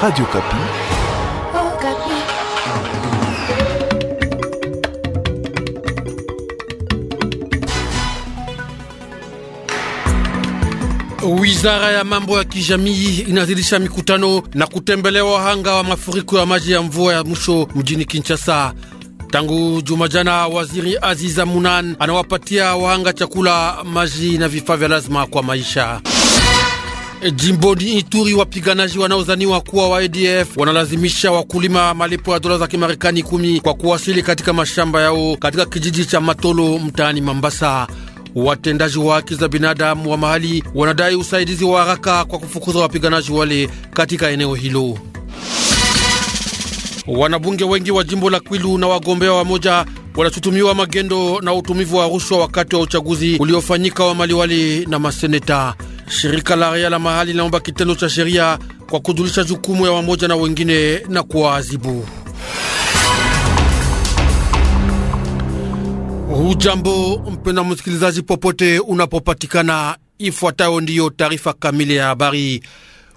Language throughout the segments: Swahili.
Radio Kapi. Oh, Kapi. Wizara ya mambo ya kijamii inazidisha mikutano na kutembelea wahanga wa mafuriko ya maji ya mvua ya mwisho mjini Kinshasa. Tangu juma jana, waziri Aziza Munan anawapatia wahanga chakula, maji na vifaa vya lazima kwa maisha jimbo jimboni Ituri wapiganaji wanaozaniwa kuwa wa ADF wanalazimisha wakulima malipo ya dola za Kimarekani kumi kwa kuwasili katika mashamba yao katika kijiji cha Matolo mtaani Mambasa. Watendaji wa haki za binadamu wa mahali wanadai usaidizi wa haraka kwa kufukuza wapiganaji wale katika eneo hilo. Wanabunge wengi wa jimbo la Kwilu na wagombea wa moja wanashutumiwa magendo na utumivu wa rushwa wakati wa uchaguzi uliofanyika wa maliwali na maseneta. Shirika la raia la mahali linaomba kitendo cha sheria kwa kujulisha jukumu ya wamoja na wengine na kuwaadhibu. Hujambo mpenda msikilizaji, popote unapopatikana, ifuatayo ndiyo taarifa kamili ya habari.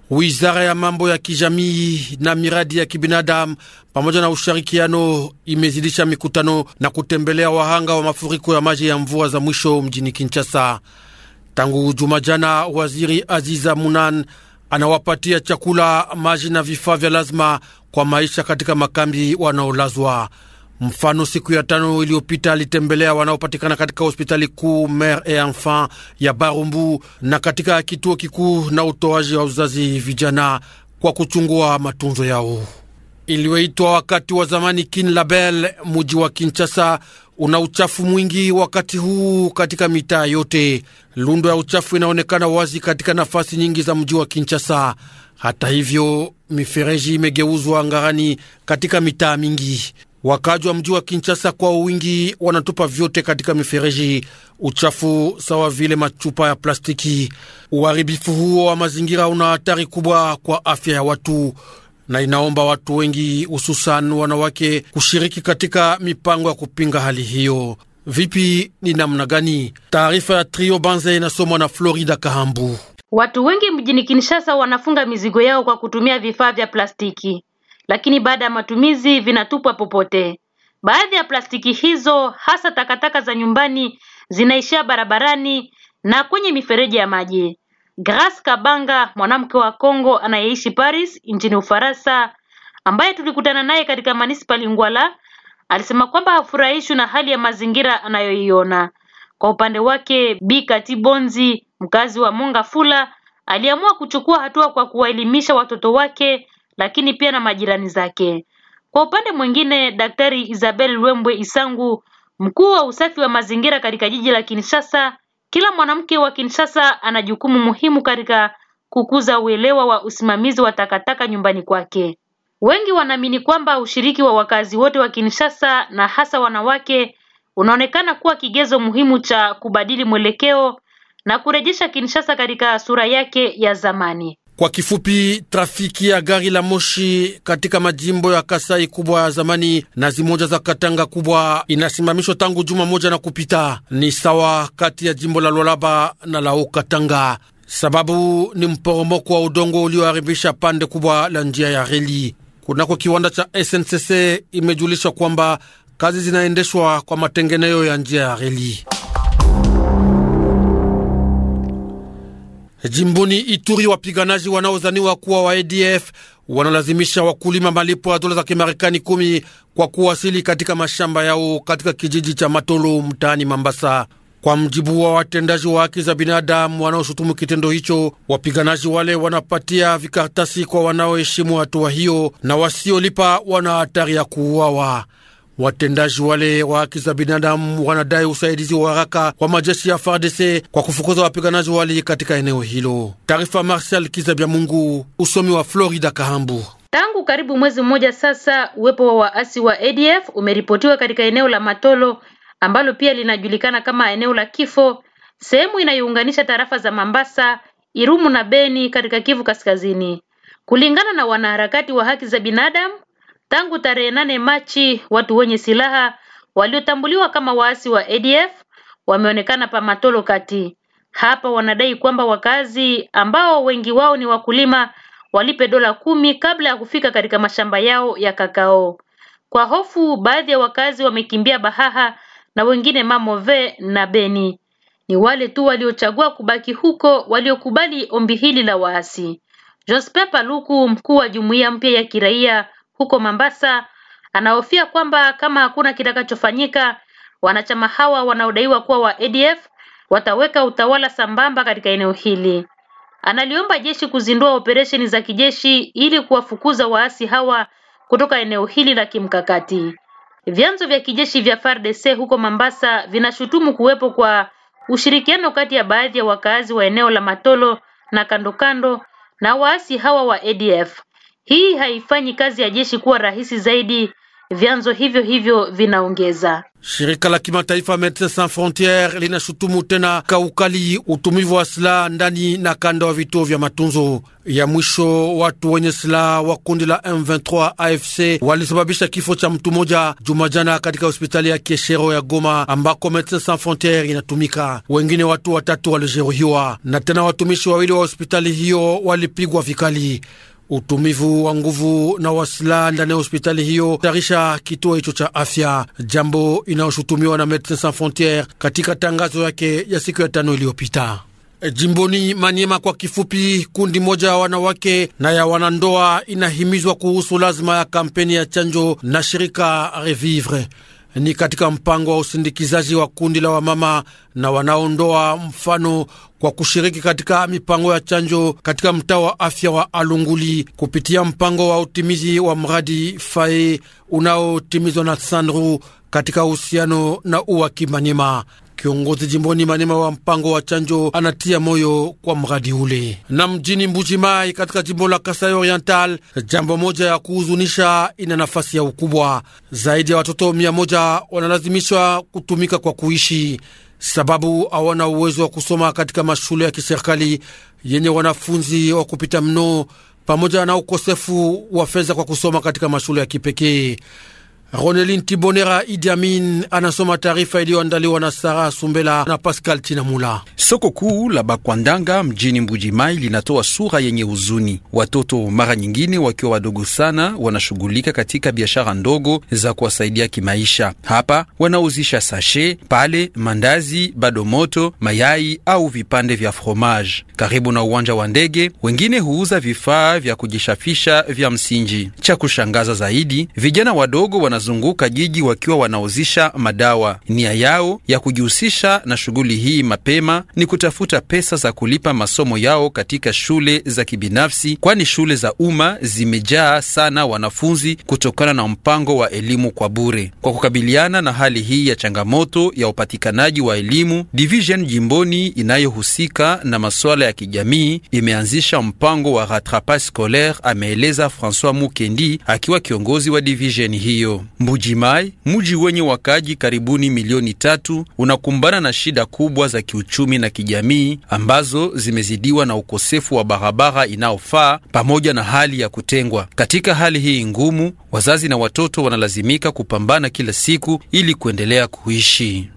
Wizara ya mambo ya kijamii na miradi ya kibinadamu pamoja na ushirikiano imezidisha mikutano na kutembelea wahanga wa mafuriko ya maji ya mvua za mwisho mjini Kinshasa. Tangu juma jana, waziri Aziza Munan anawapatia chakula, maji na vifaa vya lazima kwa maisha katika makambi wanaolazwa. Mfano, siku ya tano iliyopita alitembelea wanaopatikana katika hospitali kuu Mare et Enfant ya Barumbu na katika kituo kikuu na utoaji wa uzazi vijana kwa kuchungua matunzo yao. Iliyoitwa wakati wa zamani Kin Label, muji wa Kinshasa una uchafu mwingi wakati huu katika mitaa yote. Lundo ya uchafu inaonekana wazi katika nafasi nyingi za mji wa Kinshasa. Hata hivyo, mifereji imegeuzwa ngarani katika mitaa mingi. Wakaji wa mji wa Kinshasa kwa wingi wanatupa vyote katika mifereji, uchafu sawa vile machupa ya plastiki. Uharibifu huo wa mazingira una hatari kubwa kwa afya ya watu na inaomba watu wengi hususan wanawake kushiriki katika mipango ya kupinga hali hiyo. Vipi ni namna gani? Taarifa ya Trio Banze inasomwa na Florida Kahambu. Watu wengi mjini Kinshasa wanafunga mizigo yao kwa kutumia vifaa vya plastiki, lakini baada ya matumizi vinatupwa popote. Baadhi ya plastiki hizo, hasa takataka za nyumbani, zinaishia barabarani na kwenye mifereji ya maji. Grace Kabanga, mwanamke wa Kongo anayeishi Paris nchini Ufaransa, ambaye tulikutana naye katika manispali Ngwala, alisema kwamba hafurahishwi na hali ya mazingira anayoiona. Kwa upande wake, Bi Katibonzi, mkazi wa Mongafula, aliamua kuchukua hatua kwa kuwaelimisha watoto wake lakini pia na majirani zake. Kwa upande mwingine, Daktari Isabel Lwembwe Isangu, mkuu wa usafi wa mazingira katika jiji la Kinshasa, kila mwanamke wa Kinshasa ana jukumu muhimu katika kukuza uelewa wa usimamizi wa takataka nyumbani kwake. Wengi wanaamini kwamba ushiriki wa wakazi wote wa Kinshasa na hasa wanawake unaonekana kuwa kigezo muhimu cha kubadili mwelekeo na kurejesha Kinshasa katika sura yake ya zamani. Kwa kifupi, trafiki ya gari la moshi katika majimbo ya Kasai kubwa ya zamani na zimoja za Katanga kubwa inasimamishwa tangu juma moja na kupita, ni sawa kati ya jimbo la Lualaba na lao Katanga. Sababu ni mporomoko wa udongo ulioharibisha pande kubwa la njia ya reli. Kunako kiwanda cha SNCC imejulisha kwamba kazi zinaendeshwa kwa matengenezo ya njia ya reli. Jimboni Ituri, wapiganaji wanaozaniwa kuwa wa ADF wanalazimisha wakulima malipo ya dola za Kimarekani kumi kwa kuwasili katika mashamba yao katika kijiji cha Matolo mtaani Mambasa. Kwa mjibu wa watendaji wa haki za binadamu wanaoshutumu kitendo hicho, wapiganaji wale wanapatia vikaratasi kwa wanaoheshimu hatua hiyo, na wasiolipa wana hatari ya kuuawa. Watendaji wale wa haki za binadamu wanadai usaidizi wa haraka wa majeshi ya FARDC kwa kufukuza wapiganaji wale katika eneo hilo. Taarifa Marshal Kizabya Mungu, usomi wa Florida Kahambu. Tangu karibu mwezi mmoja sasa, uwepo wa waasi wa ADF umeripotiwa katika eneo la Matolo ambalo pia linajulikana kama eneo la kifo, sehemu inayounganisha tarafa za Mambasa, Irumu na Beni katika Kivu Kaskazini. Kulingana na wanaharakati wa haki za binadamu, Tangu tarehe nane Machi, watu wenye silaha waliotambuliwa kama waasi wa ADF wameonekana Pamatolo Kati. Hapa wanadai kwamba wakazi ambao wengi wao ni wakulima walipe dola kumi kabla ya kufika katika mashamba yao ya kakao. Kwa hofu, baadhi ya wakazi wamekimbia Bahaha na wengine Mamove na Beni. Ni wale tu waliochagua kubaki huko waliokubali ombi hili la waasi. Jospe Paluku, mkuu wa jumuiya mpya ya kiraia huko Mombasa anahofia kwamba kama hakuna kitakachofanyika, wanachama hawa wanaodaiwa kuwa wa ADF wataweka utawala sambamba katika eneo hili. Analiomba jeshi kuzindua operesheni za kijeshi ili kuwafukuza waasi hawa kutoka eneo hili la kimkakati. Vyanzo vya kijeshi vya FARDC huko Mombasa vinashutumu kuwepo kwa ushirikiano kati ya baadhi ya wakazi wa eneo la Matolo na kandokando kando na waasi hawa wa ADF. Hii haifanyi kazi ya jeshi kuwa rahisi zaidi, vyanzo hivyo hivyo vinaongeza. Shirika la kimataifa Medecins Sans Frontieres linashutumu tena kaukali utumivu wa silaha ndani na kando wa vituo vya matunzo ya mwisho. Watu wenye silaha wa kundi la M23 AFC walisababisha kifo cha mtu mmoja jumajana katika hospitali ya Kieshero ya Goma ambako Medecins Sans Frontieres inatumika. Wengine watu watatu walijeruhiwa na tena watumishi wawili wa hospitali hiyo walipigwa vikali utumivu wa nguvu na wasilaha ndani ya hospitali hiyo tarisha kituo hicho cha afya, jambo inayoshutumiwa na Medecins Sans Frontieres katika tangazo yake ya siku ya tano iliyopita. Jimboni Maniema kwa kifupi, kundi moja ya wanawake na ya wanandoa inahimizwa kuhusu lazima ya kampeni ya chanjo na shirika Revivre ni katika mpango wa usindikizaji wa kundi la wamama na wanaondoa mfano kwa kushiriki katika mipango ya chanjo katika mtaa wa afya wa Alunguli kupitia mpango wa utimizi wa mradi FAE unaotimizwa na Sandru katika uhusiano na uwa Kimanyema. Kiongozi jimboni Manema wa mpango wa chanjo anatia moyo kwa mradi ule. Na mjini Mbuji Mai katika jimbo la Kasai Oriental, jambo moja ya kuhuzunisha ina nafasi ya ukubwa zaidi. Ya watoto mia moja wanalazimishwa kutumika kwa kuishi sababu hawana uwezo wa kusoma katika mashule ya kiserikali yenye wanafunzi wa kupita mno, pamoja na ukosefu wa fedha kwa kusoma katika mashule ya kipekee. Ronelin Tibonera Idi Amin anasoma taarifa iliyoandaliwa na Sara Sumbela na Pascal Tinamula. Soko kuu la Bakwandanga mjini Mbujimai linatoa sura yenye huzuni. Watoto mara nyingine wakiwa wadogo sana wanashughulika katika biashara ndogo za kuwasaidia kimaisha. Hapa wanauzisha sashe, pale mandazi bado moto, mayai au vipande vya fromage. Karibu na uwanja wa ndege, wengine huuza vifaa vya kujishafisha vya msingi. Cha kushangaza zaidi, vijana wadogo wana wanazunguka jiji wakiwa wanauzisha madawa. Nia yao ya kujihusisha na shughuli hii mapema ni kutafuta pesa za kulipa masomo yao katika shule za kibinafsi, kwani shule za umma zimejaa sana wanafunzi kutokana na mpango wa elimu kwa bure. Kwa kukabiliana na hali hii ya changamoto ya upatikanaji wa elimu, division jimboni inayohusika na masuala ya kijamii imeanzisha mpango wa rattrapage scolaire, ameeleza Francois Mukendi akiwa kiongozi wa divisheni hiyo. Mbujimai, mji wenye wakaji karibuni milioni tatu, unakumbana na shida kubwa za kiuchumi na kijamii ambazo zimezidiwa na ukosefu wa barabara inayofaa pamoja na hali ya kutengwa. Katika hali hii ngumu, wazazi na watoto wanalazimika kupambana kila siku ili kuendelea kuishi.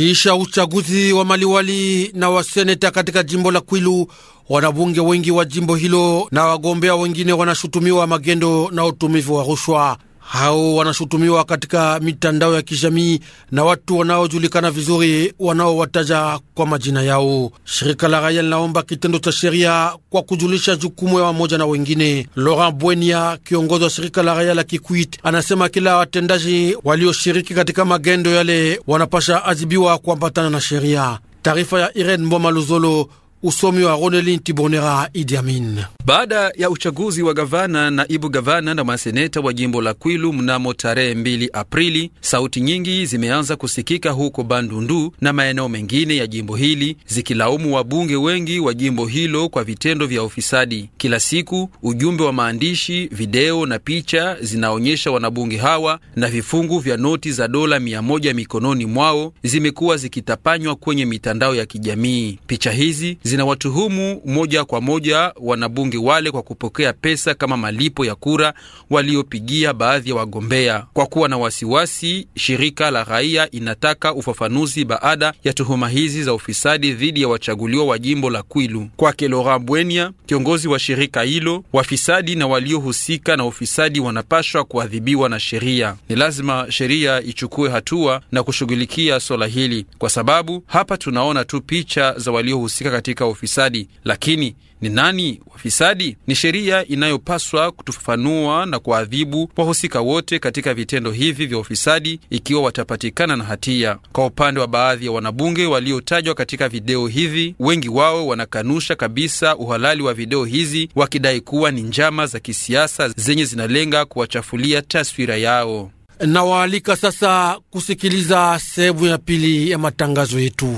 Kisha uchaguzi wa maliwali na waseneta katika jimbo la Kwilu, wanabunge wengi wa jimbo hilo na wagombea wengine wanashutumiwa magendo na utumivu wa rushwa hao wanashutumiwa katika mitandao ya kijamii na watu wanaojulikana vizuri wanaowataja kwa majina yao. Shirika la raia linaomba kitendo cha sheria kwa kujulisha jukumu ya wamoja na wengine. Laurent Bwenia, kiongozi wa shirika la raia la Kikwit, anasema kila watendaji walioshiriki katika magendo yale wanapasha azibiwa kuambatana na sheria. Taarifa ya Irene Mboma Luzolo. Usomi wa Ronelin Tibonera Idi Amin. Baada ya uchaguzi wa gavana, naibu gavana na maseneta wa jimbo la Kwilu mnamo tarehe 2 Aprili, sauti nyingi zimeanza kusikika huko Bandundu na maeneo mengine ya jimbo hili zikilaumu wabunge wengi wa jimbo hilo kwa vitendo vya ufisadi. Kila siku ujumbe wa maandishi, video na picha zinaonyesha wanabunge hawa na vifungu vya noti za dola 1 mikononi mwao zimekuwa zikitapanywa kwenye mitandao ya kijamii. Picha hizi zinawatuhumu moja kwa moja wanabunge wale kwa kupokea pesa kama malipo ya kura waliopigia baadhi ya wagombea. Kwa kuwa na wasiwasi, shirika la raia inataka ufafanuzi baada ya tuhuma hizi za ufisadi dhidi ya wachaguliwa wa jimbo la Kwilu. Kwake Lora Bwenya, kiongozi wa shirika hilo, wafisadi na waliohusika na ufisadi wanapashwa kuadhibiwa na sheria. Ni lazima sheria ichukue hatua na kushughulikia swala hili, kwa sababu hapa tunaona tu picha za waliohusika katika wahusika ufisadi. Lakini ni nani wafisadi? Ni sheria inayopaswa kutufafanua na kuadhibu wahusika wote katika vitendo hivi vya ufisadi ikiwa watapatikana na hatia. Kwa upande wa baadhi ya wanabunge waliotajwa katika video hivi, wengi wao wanakanusha kabisa uhalali wa video hizi, wakidai kuwa ni njama za kisiasa zenye zinalenga kuwachafulia taswira yao. Nawaalika sasa kusikiliza sehemu ya pili ya matangazo yetu.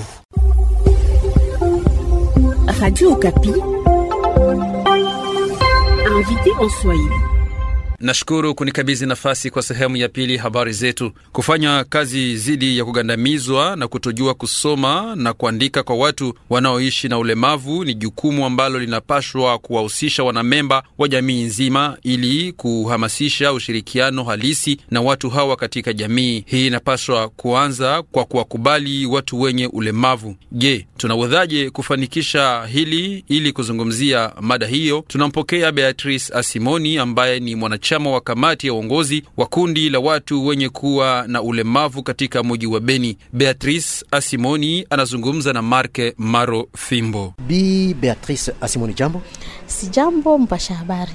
Radio Okapi, invité en soi. Nashukuru kunikabidhi nafasi kwa sehemu ya pili habari zetu. Kufanya kazi dhidi ya kugandamizwa na kutojua kusoma na kuandika kwa watu wanaoishi na ulemavu ni jukumu ambalo linapashwa kuwahusisha wanamemba wa jamii nzima, ili kuhamasisha ushirikiano halisi na watu hawa katika jamii. Hii inapaswa kuanza kwa kuwakubali watu wenye ulemavu. Je, tunawezaje kufanikisha hili? Ili kuzungumzia mada hiyo, tunampokea Beatrice Asimoni ambaye ni mwana mwanachama wa kamati ya uongozi wa kundi la watu wenye kuwa na ulemavu katika mji wa Beni. Beatrice Asimoni anazungumza na Marke Maro Fimbo. Bi Beatrice Asimoni, jambo. Si jambo, mpasha habari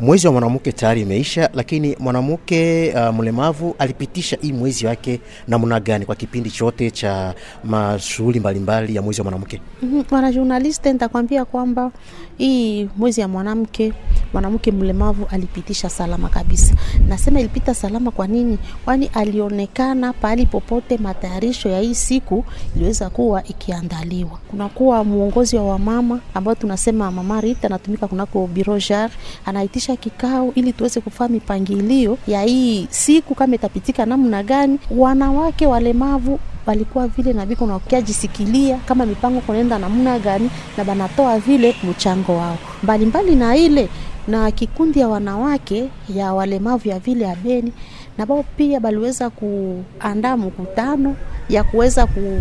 Mwezi wa mwanamke tayari imeisha, lakini mwanamke uh, mlemavu alipitisha hii mwezi wake namna gani kwa kipindi chote cha mashughuli mbalimbali ya mwezi wa mwanamke? Mhm, bwana journalist, nitakwambia kwamba hii mwezi ya mwanamke mwanamke mlemavu alipitisha salama kabisa. Nasema ilipita salama. Kwa nini? Kwani alionekana pahali popote. Matayarisho ya hii siku iliweza kuwa ikiandaliwa, kunakuwa mwongozi wa wamama ambao tunasema mama Rita anatumika kunako birojar anaitisha tutaitisha kikao ili tuweze kufaa mipangilio ya hii siku, kama itapitika namna gani. Wanawake walemavu walikuwa vile na viko nakia jisikilia kama mipango kunaenda namna gani, na banatoa vile mchango wao mbalimbali na ile na kikundi ya wanawake ya walemavu ya vile ya Beni na bao pia baliweza kuandaa mkutano ya kuweza ku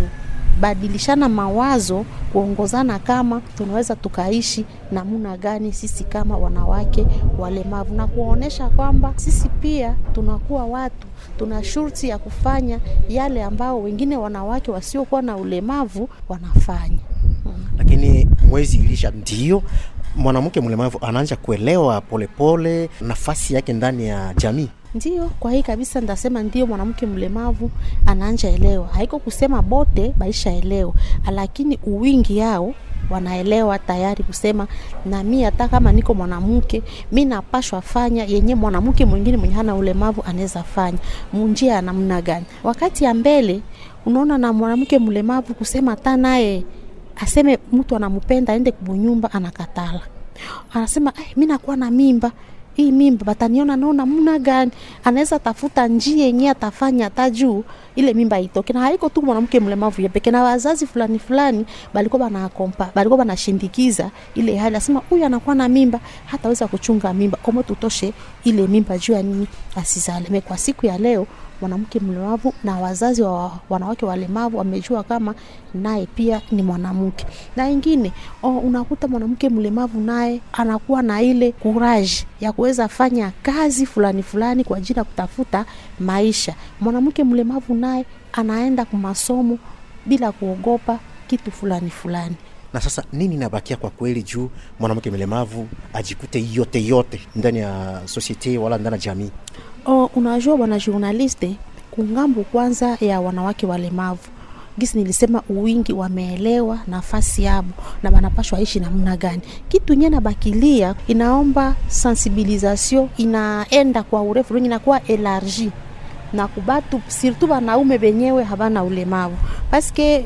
kubadilishana mawazo, kuongozana kama tunaweza tukaishi namuna gani sisi kama wanawake walemavu, na kuwaonyesha kwamba sisi pia tunakuwa watu, tuna shurti ya kufanya yale ambao wengine wanawake wasiokuwa na ulemavu wanafanya. Lakini mwezi ilisha ndio mwanamke mlemavu anaanza kuelewa polepole pole nafasi yake ndani ya jamii. Ndio, kwa hii kabisa ndasema ndio, mwanamke mlemavu anaanja elewa. Haiko kusema bote baisha elewa, lakini uwingi yao wanaelewa tayari kusema na mi hata kama niko mwanamke mi napashwa fanya yenye mwanamke mwingine mwenye hana ulemavu anaweza fanya munjia ya namna gani? Wakati ya mbele unaona, na mwanamke mlemavu kusema hata naye aseme mtu anampenda aende kubunyumba, anakatala, anasema eh, mi nakuwa na mimba hii mimba bataniona naona mna gani, anaweza tafuta njia yenye atafanya hata juu ile mimba itoke. Na haiko tu mwanamke mlemavu peke, na wazazi fulani fulani balikuwa banakompa, balikuwa banashindikiza ile hali, asema huyu anakuwa na mimba, hataweza kuchunga mimba, komo tutoshe ile mimba juu ya nini asizaleme. Kwa siku ya leo mwanamke mlemavu na wazazi wa wanawake walemavu wamejua kama naye pia ni mwanamke. Na ingine oh, unakuta mwanamke mlemavu naye anakuwa na ile kuraji ya kuweza fanya kazi fulani fulani kwa ajili ya kutafuta maisha. Mwanamke mlemavu naye anaenda kwa masomo bila kuogopa kitu fulani fulani. Na sasa nini nabakia kwa kweli juu mwanamke mlemavu ajikute yote yote ndani ya sosiete wala ndani ya jamii? Oh, unajua bwana journaliste, kungambo kwanza ya wanawake walemavu gisi nilisema uwingi wameelewa nafasi yabo na wanapashwa ishi namna gani. Kitu nye bakilia inaomba sensibilisation inaenda kwa urefu na inakuwa elargi na kubatu sirtu wanaume benyewe habana ulemavu paske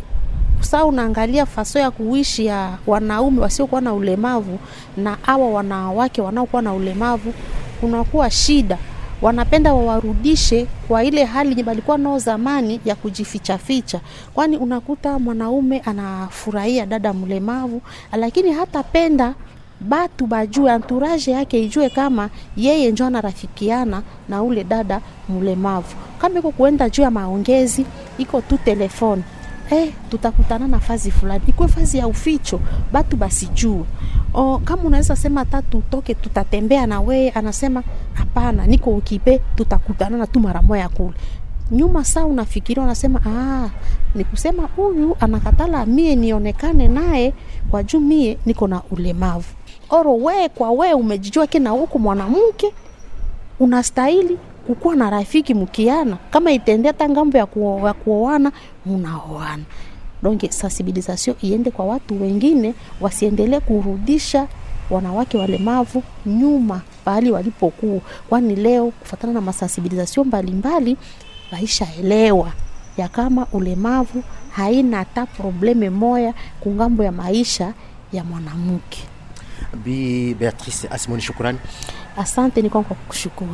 saa unaangalia faso ya kuishi ya wanaume wasiokuwa na ulemavu na awa wanawake wanaokuwa na ulemavu kunakuwa shida wanapenda wawarudishe kwa ile hali yenye balikuwa nao zamani ya kujifichaficha, kwani unakuta mwanaume anafurahia dada mlemavu, lakini hatapenda batu bajue anturaje yake ijue kama yeye njo anarafikiana na ule dada mlemavu. Kama iko kuenda juu ya maongezi, iko tu telefoni eh, tutakutana na fazi fulani, ikuwe fazi ya uficho, batu basijue oh, kama unaweza sema hata tutoke tutatembea na wewe, anasema hapana, niko ukipe, na tu mara moja kule nyuma saa unafikiria, unasema ah, ni kusema huyu anakatala mie nionekane naye kwa juu mie niko na ulemavu. Oro we kwa we umejijua kina huku mwanamke unastahili kukuwa na rafiki mkiana, kama itendea tangambo ya kuoana munaoana donge sensibilisation iende kwa watu wengine, wasiendelee kurudisha wanawake walemavu nyuma pahali walipokuwa, kwani leo kufatana na masensibilisation mbalimbali waishaelewa ya kama ulemavu haina hata probleme moya kungambo ya maisha ya mwanamke. Bi Beatrice Asimoni, shukurani. Asante, ni kwa kushukuru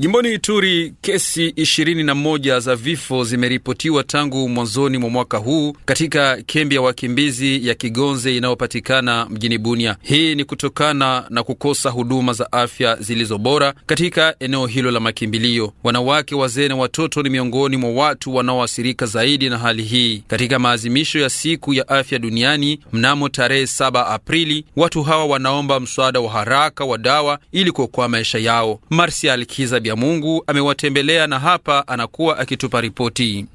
Jimboni Ituri, kesi 21 za vifo zimeripotiwa tangu mwanzoni mwa mwaka huu katika kambi ya wakimbizi ya Kigonze inayopatikana mjini Bunia. Hii ni kutokana na kukosa huduma za afya zilizo bora katika eneo hilo la makimbilio. Wanawake, wazee na watoto ni miongoni mwa watu wanaoathirika zaidi na hali hii. Katika maazimisho ya siku ya afya duniani mnamo tarehe 7 Aprili, watu hawa wanaomba msaada wa haraka wa dawa ili kuokoa maisha yao. Marsial Kiza ya Mungu amewatembelea na hapa anakuwa akitupa ripoti.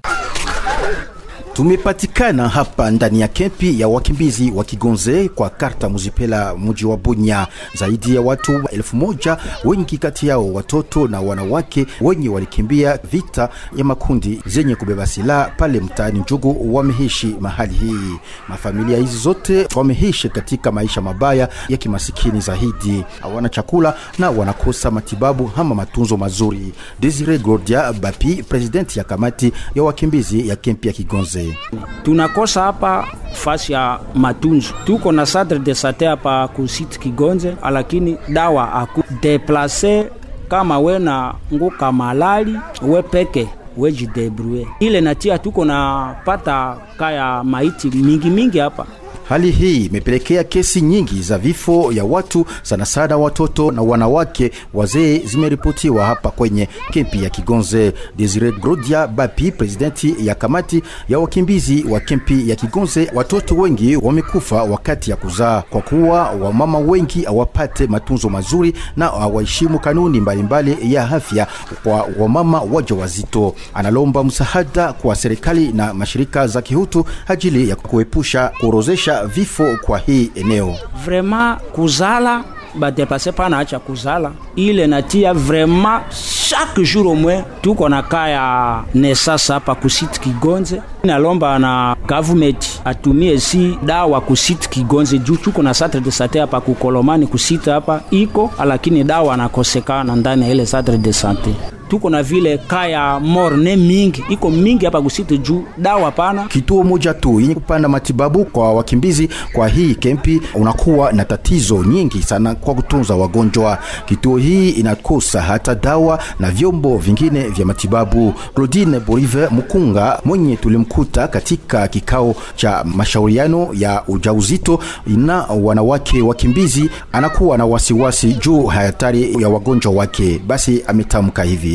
Tumepatikana hapa ndani ya kempi ya wakimbizi wa Kigonze kwa karta Muzipela, mji wa Bunya. Zaidi ya watu elfu moja, wengi kati yao watoto na wanawake, wenye walikimbia vita ya makundi zenye kubeba silaha pale mtaani Njugu, wameishi mahali hii. Mafamilia hizi zote wameishi katika maisha mabaya ya kimasikini zaidi, hawana chakula na wanakosa matibabu ama matunzo mazuri. Desire Gordia Bapi, presidenti ya kamati ya wakimbizi ya kempi ya Kigonze sante. Tunakosa hapa fasi ya matunzo, tuko na sadre de sante hapa kusiti Kigonze, lakini dawa aku deplase kama we na nguka malali we peke wejidebrue ile natia, tuko na pata kaya maiti mingi mingi hapa Hali hii imepelekea kesi nyingi za vifo ya watu sana sana watoto na wanawake wazee zimeripotiwa hapa kwenye kempi ya Kigonze. Desire Grodia Bapi, presidenti ya kamati ya wakimbizi wa kempi ya Kigonze, watoto wengi wamekufa wakati ya kuzaa kwa kuwa wamama wengi hawapate matunzo mazuri na hawaheshimu kanuni mbalimbali mbali ya afya kwa wamama waja wazito. Analomba msaada kwa serikali na mashirika za kihutu ajili ya kuepusha kuorozesha kusababisha vifo kwa hii eneo. Vrema kuzala badepase pana acha kuzala ile natia vrema chaque jour au moins tuko na kaya nesasa hapa kusit Kigonze. Nalomba na government atumie si dawa kusit Kigonze juu tuko na satre de santé hapa kukolomani kusita hapa iko, lakini dawa anakosekana ndani ya ile satre de santé tuko na vile kaya ne mingi iko mingi hapa kusitu juu dawa pana kituo moja tu yenye kupanda matibabu kwa wakimbizi. Kwa hii kempi unakuwa na tatizo nyingi sana kwa kutunza wagonjwa. Kituo hii inakosa hata dawa na vyombo vingine vya matibabu. Claudine Borive Mukunga mwenye tulimkuta katika kikao cha mashauriano ya ujauzito na wanawake wakimbizi, anakuwa na wasiwasi juu hatari ya wagonjwa wake, basi ametamka hivi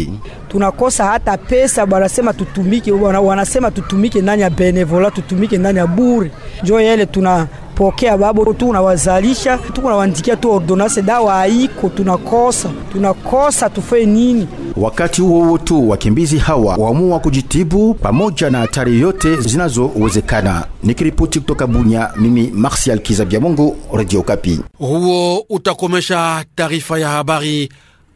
Tunakosa hata pesa, wanasema tutumike, wanasema tutumike ndani ya benevola, tutumike ndani ya bure, njo yele tuna pokea babo tu, unawazalisha tu nawandikia tu ordonase, dawa haiko, tunakosa tunakosa, tufanye nini? Wakati huo huo tu wakimbizi hawa waamua kujitibu pamoja na hatari yote zinazowezekana. Nikiripoti kutoka Bunya, mimi Martial Kiza Mungu, Radio Kapi. Huo utakomesha taarifa ya habari